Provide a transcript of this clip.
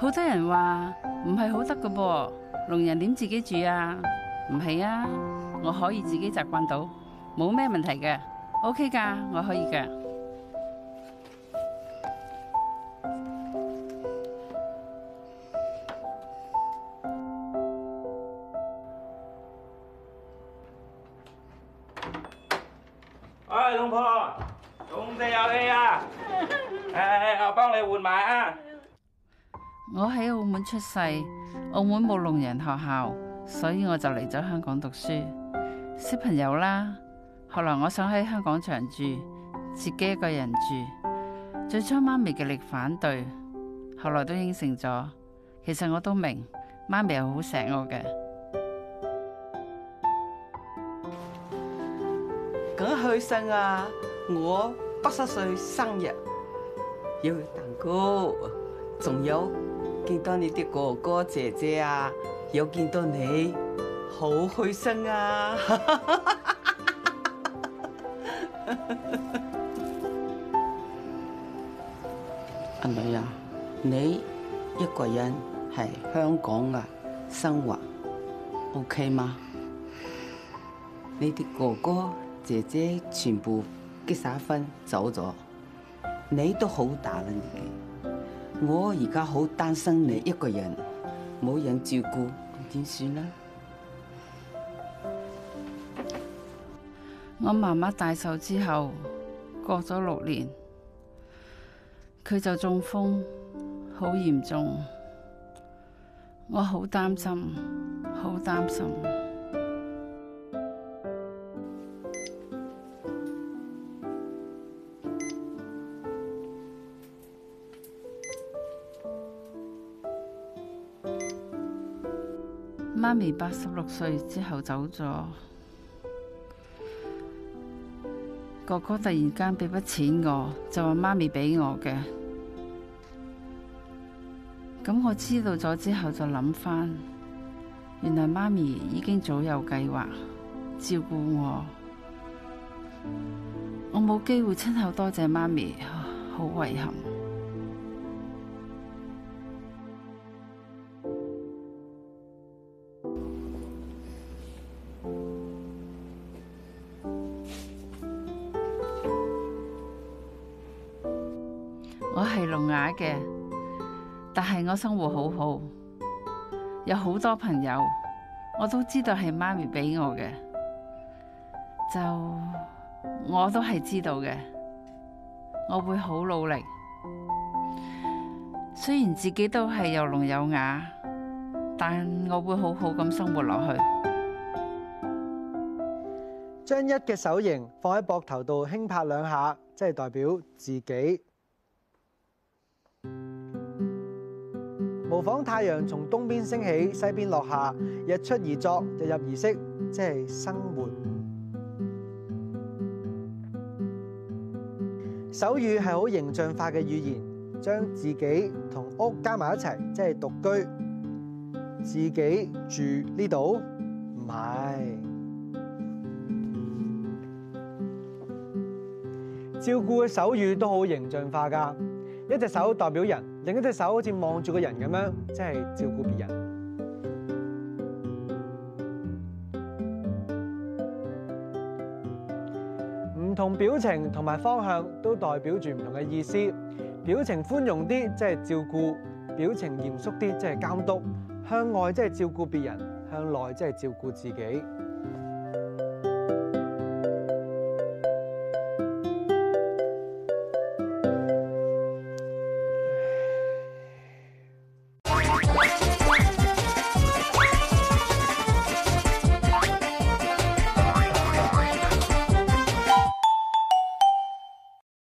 好多人話唔係好得噶噃，聾人點自己住啊？唔係啊，我可以自己習慣到，冇咩問題嘅，OK 噶，我可以嘅。哎，老婆，仲未入去啊？哎，我幫你換埋啊！我喺澳門出世，澳門冇聾人學校，所以我就嚟咗香港讀書、識朋友啦。後來我想喺香港長住，自己一個人住。最初媽咪極力反對，後來都應承咗。其實我都明，媽咪係好錫我嘅。咁開心啊！我八十歲生日，有蛋糕，仲有。見到你啲哥哥姐姐啊，又見到你，好開心啊！阿女啊，你一個人喺香港嘅生活 OK 嗎？你啲哥哥姐姐全部結晒婚走咗，你都好大啦年紀。你我而家好擔心你一個人冇人照顧，點算呢？我媽媽大壽之後過咗六年，佢就中風，好嚴重，我好擔心，好擔心。媽咪八十六歲之後走咗，哥哥突然間俾筆錢我，就話媽咪俾我嘅。咁我知道咗之後就諗翻，原來媽咪已經早有計劃照顧我，我冇機會親口多謝媽咪，好遺憾。係聾啞嘅，但係我生活好好，有好多朋友，我都知道係媽咪俾我嘅，就我都係知道嘅，我會好努力。雖然自己都係又聾又啞，但我會好好咁生活落去。將一嘅手型放喺膊頭度輕拍兩下，即係代表自己。模仿太陽從東邊升起、西邊落下，日出而作、日入而息，即係生活。手語係好形象化嘅語言，將自己同屋加埋一齊，即係獨居，自己住呢度，唔係。照顧嘅手語都好形象化㗎，一隻手代表人。整一隻手好似望住個人咁樣，即係照顧別人。唔同表情同埋方向都代表住唔同嘅意思。表情寬容啲，即係照顧；表情嚴肅啲，即係監督。向外即係照顧別人，向內即係照顧自己。